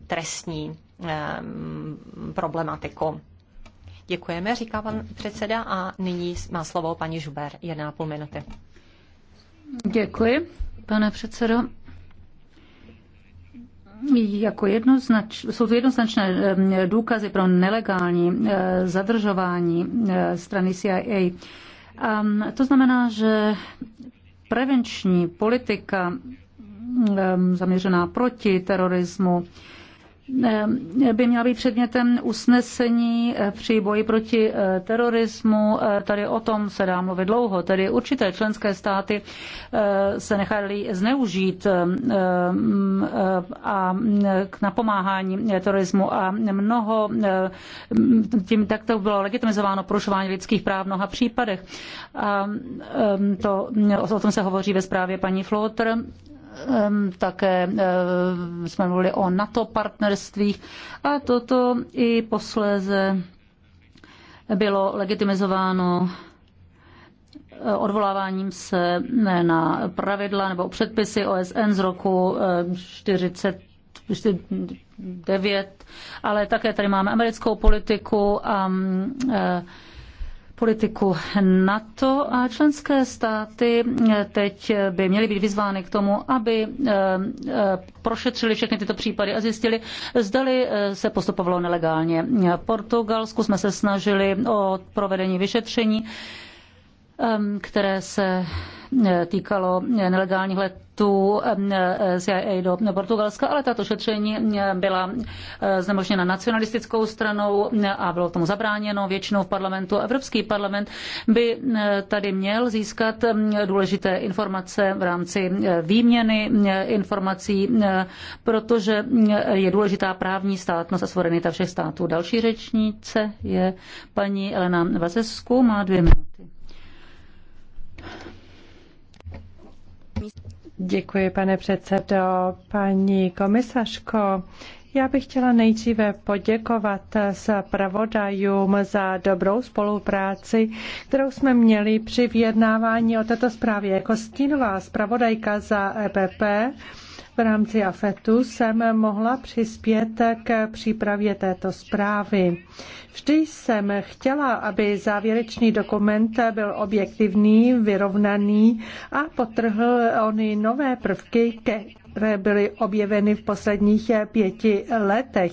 trestní problematiku. Děkujeme, říká pan předseda a nyní má slovo paní Žuber, půl minuty. Děkuji, pane předsedo. Jako jednoznač, jsou to jednoznačné důkazy pro nelegální eh, zadržování eh, strany CIA Ehm, to znamená, že prevenční politika ehm, zaměřená proti terorismu, Eh, by měla být předmětem usnesení eh, při boji proti eh, terorismu. Tady o tom se dá mluvit dlouho. Tedy určité členské státy se nechali zneužít a k napomáhání terorismu a mnoho tím takto bylo legitimizováno porušování lidských práv v mnoha případech. A to, o tom se hovoří ve zprávě paní Flotter také jsme mluvili o NATO partnerstvích a toto i posléze bylo legitimizováno eh, odvoláváním se na pravidla nebo předpisy OSN z roku 49, eh, ale také tady máme americkou politiku a mm, eh, politiku NATO a členské státy eh, teď by měly být vyzvány k tomu, aby eh, eh, prošetřili všechny tyto případy a zjistili, zdali se postupovalo nelegálně. V Portugalsku jsme se snažili o provedení vyšetření, které se týkalo nelegálních let letů CIA e, do Portugalska, ale tato šetření byla e, znemožněna nacionalistickou stranou a bylo tomu zabráněno většinou v parlamentu. Evropský parlament by tady měl získat důležité informace v rámci výměny informací, protože je důležitá právní státnost a suverenita všech států. Další řečnice je paní Elena Vazesku, má dvě minuty. Děkuji, pane předsedo. Paní komisařko, já bych chtěla nejdříve poděkovat zpravodajům za dobrou spolupráci, kterou jsme měli při vyjednávání o této zprávě. Jako stínová zpravodajka za EPP v rámci AFETu jsem mohla přispět k přípravě této zprávy. Vždy jsem chtěla, aby závěrečný dokument byl objektivní, vyrovnaný a potrhl ony nové prvky, ke které byly objeveny v posledních pěti letech.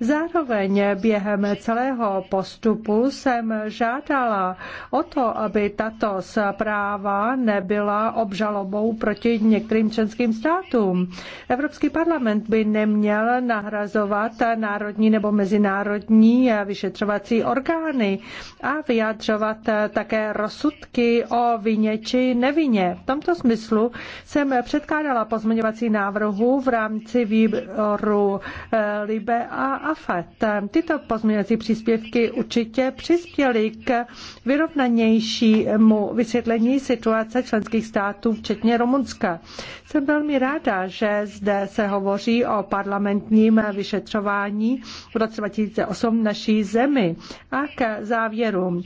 Zároveň během celého postupu jsem žádala o to, aby tato zpráva nebyla obžalobou proti některým členským státům. Evropský parlament by neměl nahrazovat národní nebo mezinárodní vyšetřovací orgány a vyjadřovat také rozsudky o vině či nevině. V tomto smyslu jsem předkládala pozměňovací pozměňovací návrhů v rámci výboru eh, Libe a AFET. Tyto pozměňovací příspěvky určitě přispěly k vyrovnanějšímu vysvětlení situace členských států, včetně Rumunska. Jsem velmi ráda, že zde se hovoří o parlamentním vyšetřování v roce 2008 naší zemi a k závěrům.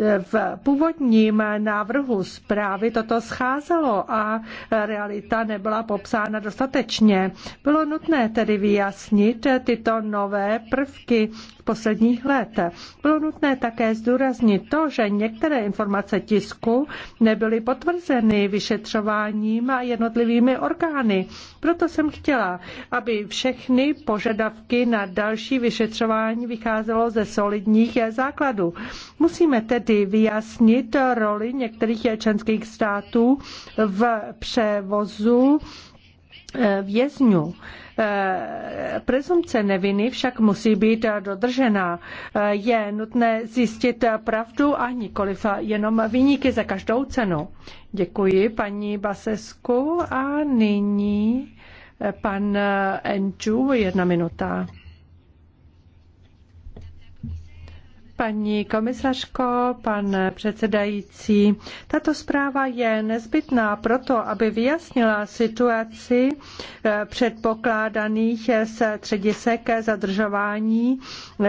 V původním návrhu zprávy toto scházelo a realita nebyla popsána dostatečně. Bylo nutné tedy vyjasnit tyto nové prvky posledních let. Bylo nutné také zdůraznit to, že některé informace tisku nebyly potvrzeny vyšetřováním a jednotlivými orgány. Proto jsem chtěla, aby všechny požadavky na další vyšetřování vycházelo ze solidních základů. Musíme tedy ty vyjasnit roli některých členských států v převozu eh, vězňů. Eh, prezumce neviny však musí být dodržena. Eh, je nutné zjistit pravdu a nikoliv jenom výniky za každou cenu. Děkuji paní Basesku a nyní pan Enču, jedna minuta. paní komisařko, pane předsedající. Tato zpráva je nezbytná proto, aby vyjasnila situaci eh, předpokládaných středisek zadržování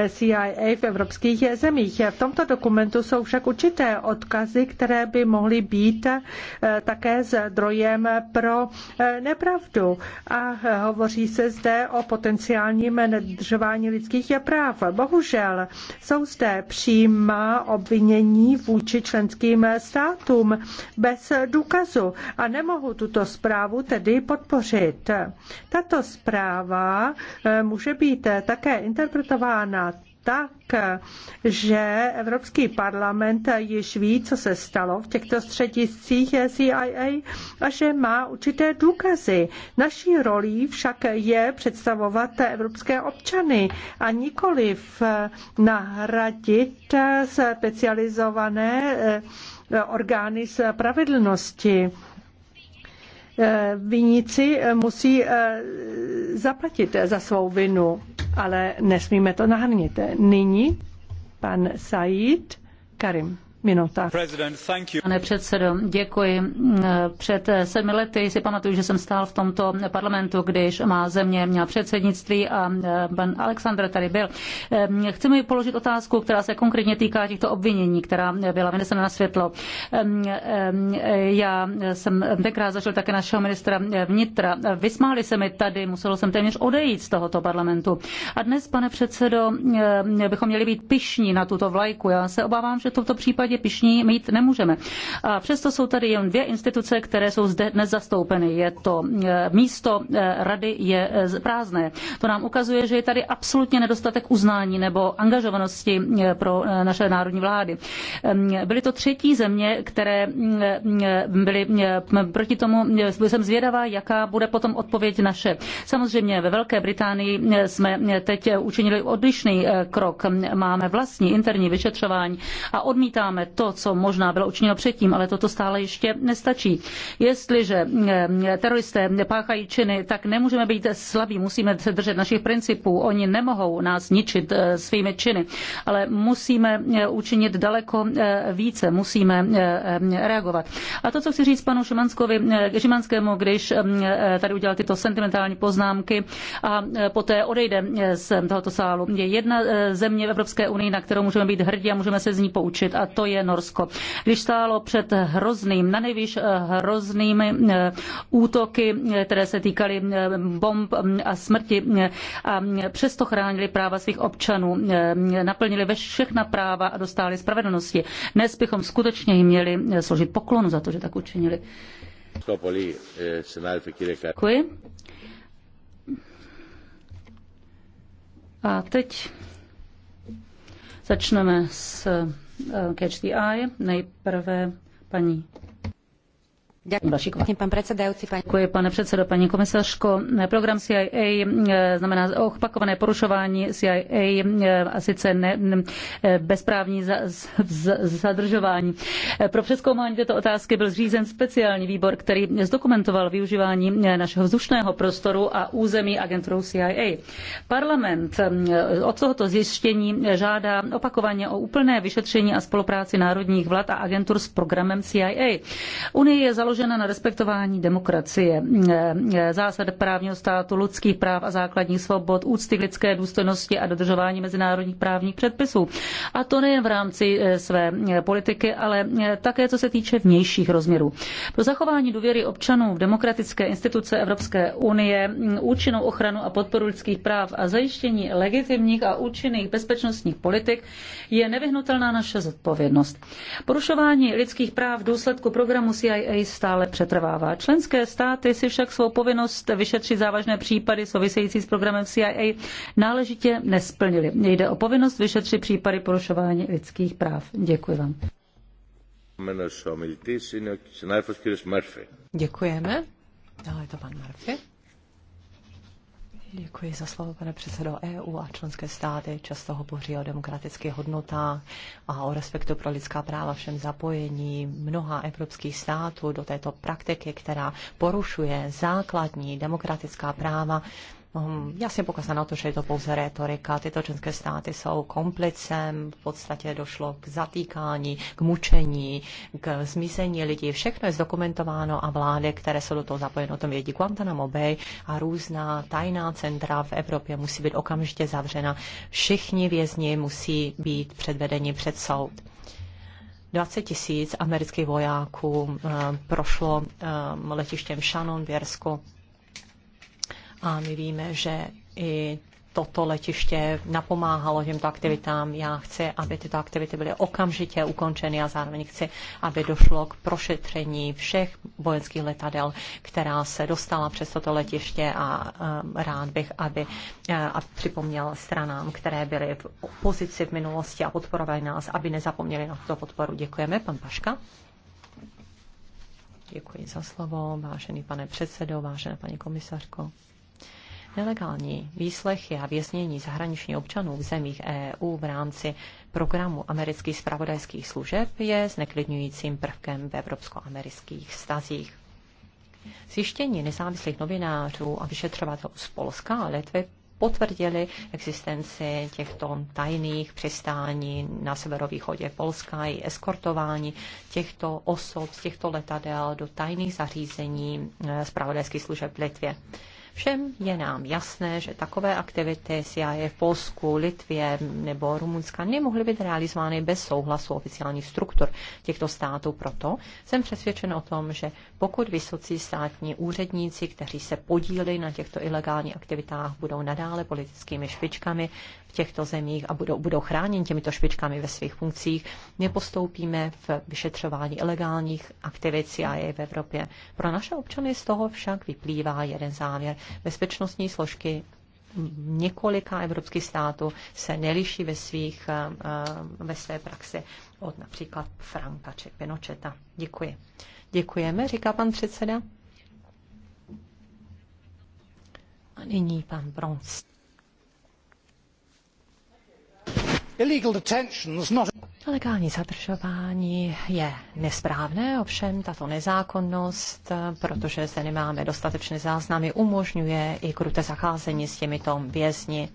CIA v evropských zemích. V tomto dokumentu jsou však určité odkazy, které by mohly být eh, také zdrojem pro eh, nepravdu. A hovoří se zde o potenciálním nedržování lidských práv. Bohužel jsou zde přijímá obvinění vůči členským státům bez důkazu a nemohu tuto zprávu tedy podpořit. Tato zpráva eh, může být také interpretována tak, že Evropský parlament již ví, co se stalo v těchto střediscích CIA a že má určité důkazy. Naší rolí však je představovat evropské občany a nikoliv nahradit specializované orgány spravedlnosti. Eh, viníci eh, musí eh, zaplatit za svou vinu, ale nesmíme to nahrnit. Nyní pan Said Karim. Pane předsedo, děkuji. Před sedmi lety si pamatuju, že jsem stál v tomto parlamentu, když má země měla předsednictví a pan Aleksandr tady byl. Chci mi položit otázku, která se konkrétně týká těchto obvinění, která byla vynesena na světlo. Já jsem tenkrát zažil také našeho ministra vnitra. Vysmáli se mi tady, musel jsem téměř odejít z tohoto parlamentu. A dnes, pane předsedo, bychom měli být pišní na tuto vlajku. Já se obávám, že v tomto případě zásadě pišní mít nemůžeme. A přesto jsou tady jen dvě instituce, které jsou zde dnes zastoupeny. Je to e, místo e, rady je e, prázdné. To nám ukazuje, že je tady absolutně nedostatek uznání nebo angažovanosti pro naše národní vlády. Byly to třetí země, které mm, byly proti tomu, jsem zvědavá, jaká bude potom odpověď naše. Samozřejmě ve Velké Británii jsme teď učinili odlišný krok. Máme vlastní interní vyšetřování a odmítáme uděláme to, co možná bylo učiněno předtím, ale toto stále ještě nestačí. Jestliže eh, teroristé páchají činy, tak nemůžeme být slabí, musíme se držet našich principů. Oni nemohou nás ničit eh, svými činy, ale musíme eh, učinit daleko více, musíme reagovat. A to, co chci říct panu Šimanskovi, Šimanskému, když tady udělal tyto sentimentální poznámky a poté odejde z tohoto sálu, je jedna země v Evropské unii, na kterou můžeme být hrdí a můžeme se z ní poučit. A to je je Norsko. Když stálo před hrozným, na nejvýš eh, hroznými eh, útoky, eh, které se týkaly bomb mm, a smrti a mm, přesto chránili práva svých občanů, naplnili ve všechna práva a dostali spravedlnosti. Dnes bychom skutečně jim měli složit poklonu za to, že tak učinili. Děkuji. A teď začneme s Catch the Eye. Nejprve paní Děkuji, Děkuji, předsedající, paní... pane předsedo, paní komisařko. Program CIA eh, znamená opakované porušování CIA eh, a sice ne, ne, eh, bezprávní za, zadržování. Pro přeskoumání této otázky byl zřízen speciální výbor, který zdokumentoval využívání našeho vzdušného prostoru a území agenturou CIA. Parlament od tohoto zjištění žádá opakovaně o úplné vyšetření a spolupráci národních vlád a agentur s programem CIA. Unie je založena založena na respektování demokracie, zásad právního státu, lidských práv a základních svobod, úcty k lidské důstojnosti a dodržování mezinárodních právních předpisů. A to nejen v rámci eh, své eh, politiky, ale eh, také co se týče vnějších rozměrů. Pro zachování důvěry občanů v demokratické instituce Evropské unie, mm, účinnou ochranu a podporu lidských práv a zajištění legitimních a účinných bezpečnostních politik je nevyhnutelná naše zodpovědnost. Porušování lidských práv v důsledku programu CIA stále přetrvává. Členské státy si však svou povinnost vyšetřit závažné případy související s programem CIA náležitě nesplnili. Jde o povinnost vyšetřit případy porušování lidských práv. Děkuji vám. Děkujeme. Dále je to pan Murphy. Děkuji za slovo, pane předsedo. EU a členské státy často hovoří o demokratických hodnotách a o respektu pro lidská práva všem zapojení mnoha evropských států do této praktiky, která porušuje základní demokratická práva jasně pokazám na to, že je to pouze retorika. Tyto členské státy jsou komplicem, v podstatě došlo k zatýkání, k mučení, k zmizení lidí. Všechno je zdokumentováno a vlády, které jsou do toho zapojeny, o tom vědí Guantanamo Bay a různá tajná centra v Evropě musí být okamžitě zavřena. Všichni vězni musí být předvedeni před soud. 20 tisíc amerických vojáků eh, prošlo eh, letištěm Shannon v Jersku a my víme, že i toto letiště napomáhalo těmto aktivitám. Já chci, aby tyto aktivity byly okamžitě ukončeny a zároveň chci, aby došlo k prošetření všech vojenských letadel, která se dostala přes toto letiště a um, rád bych, aby a připomněl stranám, které byly v pozici v minulosti a podporovali nás, aby nezapomněli na tuto podporu. Děkujeme, pan Paška. Děkuji za slovo, vážený pane předsedo, vážená paní komisařko. Nelegální výslechy a věznění zahraničních občanů v zemích EU v rámci programu amerických spravodajských služeb je zneklidňujícím prvkem v amerických stazích. Zjištění nezávislých novinářů a vyšetřovatelů z Polska a Litvy potvrdili existenci těchto tajných přistání na severovýchodě Polska i eskortování těchto osob z těchto letadel do tajných zařízení zpravodajských eh, služeb v Litvě. Všem je nám jasné, že takové aktivity CIA v Polsku, Litvě nebo Rumunska nemohly být realizovány bez souhlasu oficiálních struktur těchto států. Proto jsem přesvědčen o tom, že pokud vysocí státní úředníci, kteří se podílejí na těchto ilegálních aktivitách, budou nadále politickými špičkami, v těchto zemích a budou, budou chráněni těmito špičkami ve svých funkcích, nepostoupíme v vyšetřování ilegálních aktivit CIA v Evropě. Pro naše občany z toho však vyplývá jeden závěr. Bezpečnostní složky několika evropských států se neliší ve, svých, eh, eh, ve své praxi od například Franka či Pinocheta. Děkuji. Děkujeme, říká pan předseda. A nyní pan Bronst. Nelegální zadržování je nesprávné, ovšem tato nezákonnost, protože zde nemáme dostatečné záznamy, umožňuje i kruté zacházení s těmito vězni.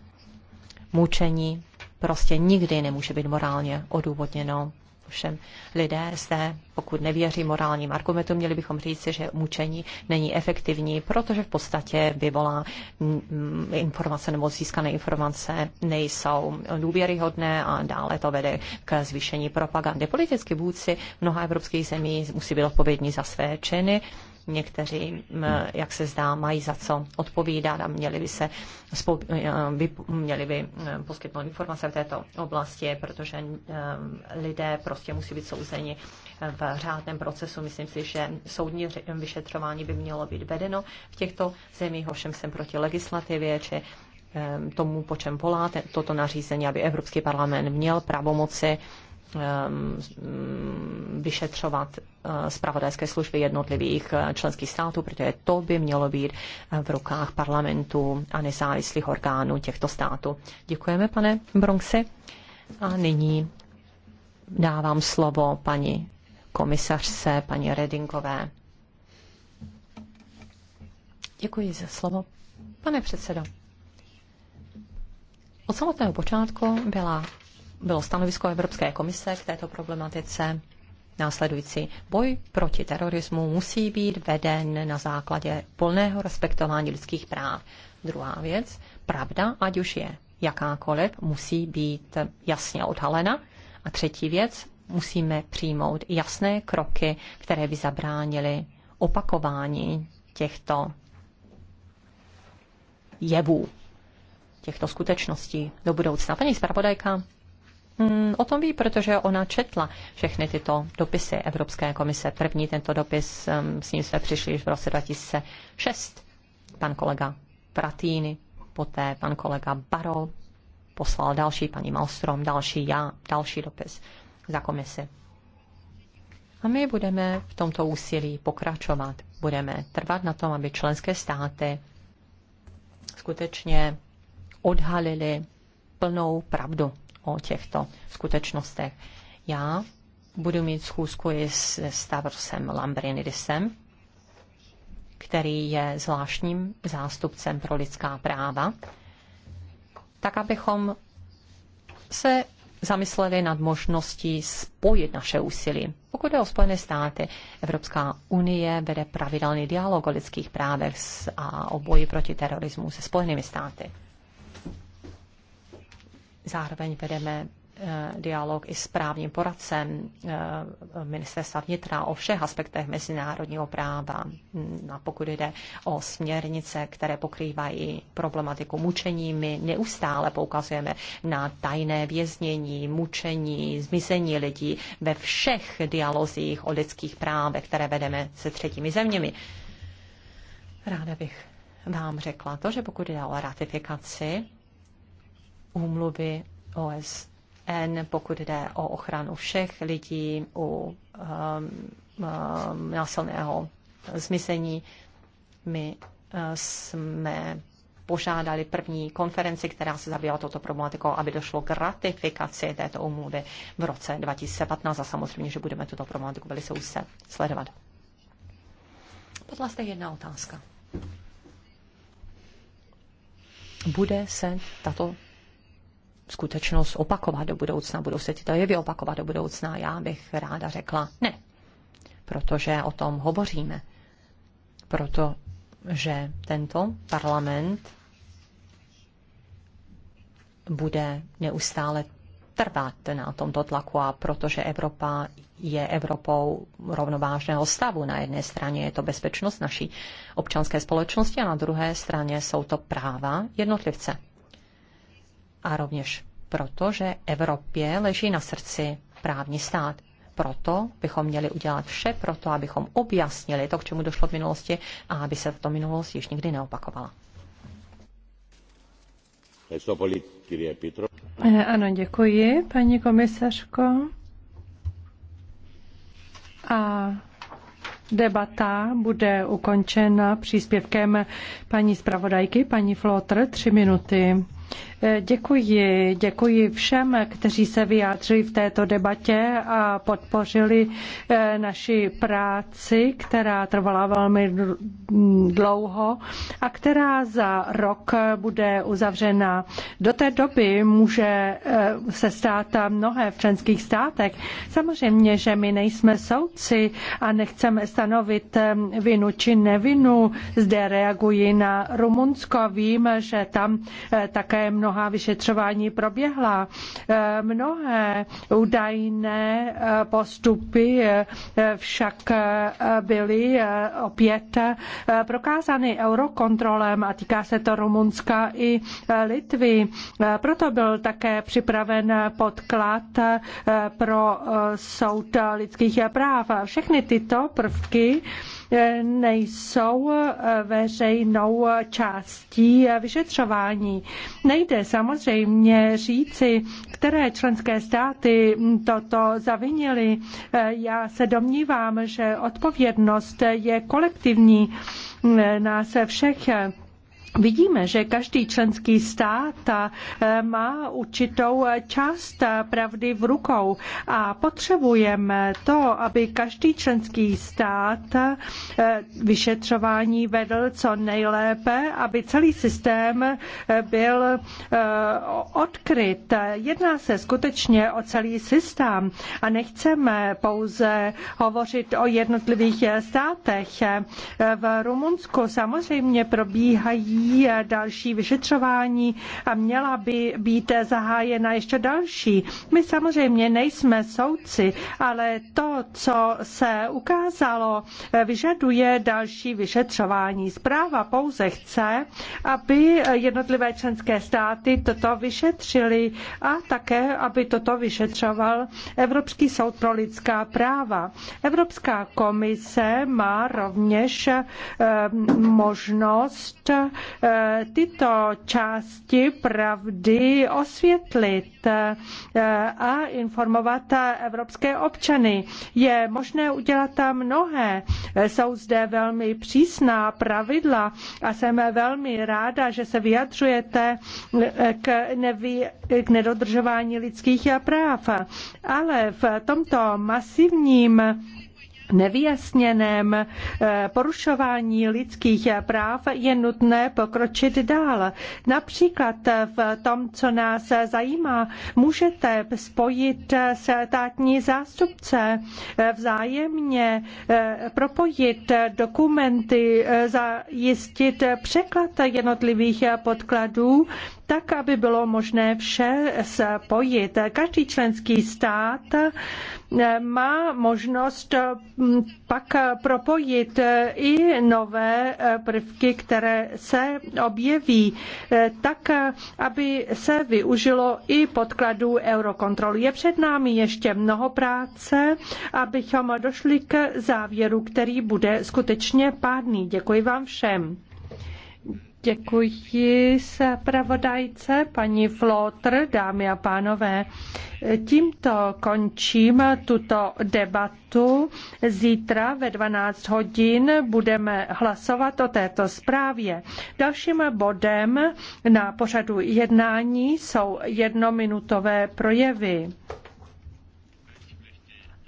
Mučení prostě nikdy nemůže být morálně odůvodněno. Ovšem lidé se, pokud nevěří morálním argumentům, měli bychom říci, že mučení není efektivní, protože v podstatě vyvolá mm, mm, informace nebo získané informace nejsou důvěryhodné a dále to vede k zvýšení propagandy. Politické vůdci mnoha evropských zemí musí být odpovědní za své činy někteří, mm, jak se zdá, mají za co odpovídat a měli by, se, eh, měli by eh, poskytnout informace v této oblasti, protože eh, lidé prostě musí být souzeni v řádném procesu. Myslím si, že soudní vyšetřování by mělo být vedeno v těchto zemích, ovšem jsem proti legislativě či tomu, po čem volá toto nařízení, aby Evropský parlament měl pravomoci Ehm, vyšetřovat eh, zpravodajské služby jednotlivých eh, členských států, protože to by mělo být eh, v rukách parlamentu a nezávislých orgánů těchto států. Děkujeme, pane Bronxy. A nyní dávám slovo paní komisařce, paní Redingové. Děkuji za slovo. Pane předsedo, od samotného počátku byla bylo stanovisko Evropské komise k této problematice následující. Boj proti terorismu musí být veden na základě plného respektování lidských práv. Druhá věc, pravda, ať už je jakákoliv, musí být jasně odhalena. A třetí věc, musíme přijmout jasné kroky, které by zabránily opakování těchto jevů, těchto skutečností do budoucna. Paní zpravodajka mm, o tom ví, protože ona četla všechny tyto dopisy Evropské komise. První tento dopis, um, s ním jsme přišli již v roce 2006. Pan kolega Pratýny, poté pan kolega Baro poslal další, paní Malstrom, další já, další dopis za komisi. A my budeme v tomto úsilí pokračovat. Budeme trvat na tom, aby členské státy skutečně odhalili plnou pravdu o těchto skutečnostech. Já budu mít schůzku i s Stavrosem Lambrinidisem, který je zvláštním zástupcem pro lidská práva, tak abychom se zamysleli nad možností spojit naše úsilí. Pokud je o Spojené státy, Evropská unie vede pravidelný dialog o lidských právech a o boji proti terorismu se Spojenými státy. Zároveň vedeme eh, dialog i s právním poradcem eh, ministerstva vnitra o všech aspektech mezinárodního práva, mm, a pokud jde o směrnice, které pokrývají problematiku mučení. My neustále poukazujeme na tajné věznění, mučení, zmizení lidí ve všech dialozích o lidských právech, které vedeme se třetími zeměmi. Ráda bych vám řekla to, že pokud jde o ratifikaci úmluvy OSN, pokud jde o ochranu všech lidí u um, um, násilného zmizení. My uh, jsme požádali první konferenci, která se zabývala touto problematikou, aby došlo k ratifikaci této umluvy v roce 2015 a samozřejmě, že budeme tuto problematiku velice úzce sledovat. Padla jste jedna otázka. Bude se tato skutečnost opakovat do budoucna, budou se tyto jevy opakovat do budoucna, já bych ráda řekla ne, protože o tom hovoříme, protože tento parlament bude neustále trvat na tomto tlaku a protože Evropa je Evropou rovnovážného stavu. Na jedné straně je to bezpečnost naší občanské společnosti a na druhé straně jsou to práva jednotlivce a rovněž proto, že Evropě leží na srdci právní stát. Proto bychom měli udělat vše proto, abychom objasnili to, k čemu došlo v minulosti a aby se to minulost již nikdy neopakovala. Eh, ano, děkuji, paní komisařko. A debata bude ukončena příspěvkem paní zpravodajky, paní Flotr, tři minuty. Děkuji, děkuji všem, kteří se vyjádřili v této debatě a podpořili eh, naši práci, která trvala velmi dlouho a která za rok bude uzavřena. Do té doby může eh, se stát mnohé v členských státech. Samozřejmě, že my nejsme soudci a nechceme stanovit eh, vinu či nevinu. Zde reaguji na Rumunsko. Vím, že tam také mnoho mnoha vyšetřování proběhla. Eh, mnohé údajné eh, postupy eh, však byly opět prokázány eurokontrolem a týká se to Rumunska i Litvy. Proto byl také připraven podklad pro soud lidských práv. Všechny tyto prvky E, nejsou e, veřejnou částí vyšetřování. Nejde samozřejmě říci, které členské státy toto zavinily. E, já se domnívám, že odpovědnost je kolektivní nás všech Vidíme, že každý členský stát eh, má určitou část pravdy v rukou a potřebujeme to, aby každý členský stát eh, vyšetřování vedl co nejlépe, aby celý systém eh, byl odkryt. Jedná se skutečně o celý systém a nechceme pouze hovořit o jednotlivých státech. V Rumunsku samozřejmě probíhají další vyšetřování a měla by být zahájena ještě další. My samozřejmě nejsme soudci, ale to, co se ukázalo, vyžaduje další vyšetřování. Zpráva pouze chce, aby jednotlivé členské státy toto vyšetřili a také, aby toto vyšetřoval Evropský soud pro lidská práva. Evropská komise má rovněž eh, možnost Eh, tyto části pravdy osvětlit eh, a informovat evropské občany. Je možné udělat tam mnohé. Jsou zde velmi přísná pravidla a jsem velmi ráda, že se vyjadřujete eh, k, nevy, k nedodržování lidských práv. Ale v tomto masivním nevyjasněném eh, porušování lidských práv je nutné pokročit dál. Například v tom, co nás zajímá, můžete spojit státní zástupce, eh, vzájemně eh, propojit dokumenty, zajistit překlad jednotlivých podkladů tak, aby bylo možné vše spojit. Každý členský stát eh, má možnost mm, pak propojit eh, i nové eh, prvky, které se objeví, tak, aby se využilo i podkladů Eurokontrolu. Je před námi ještě mnoho práce, abychom došli k závěru, který bude skutečně pádný. Děkuji vám všem. Děkuji se pravodajce, paní Flotr, dámy a pánové. Tímto končím tuto debatu. Zítra ve 12 hodin budeme hlasovat o této zprávě. Dalším bodem na pořadu jednání jsou jednominutové projevy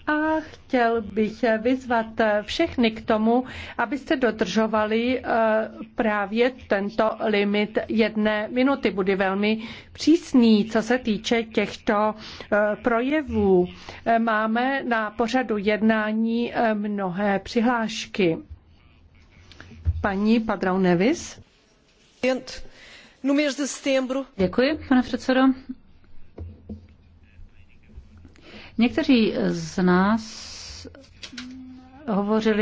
a chtěl bych vyzvat všechny k tomu, abyste dodržovali eh, právě tento limit jedné minuty. Bude velmi přísný, co se týče těchto eh, projevů. Eh, máme na pořadu jednání mnohé přihlášky. Paní Padrau Nevis. No Děkuji, pane předsedo. Někteří z nás hovořili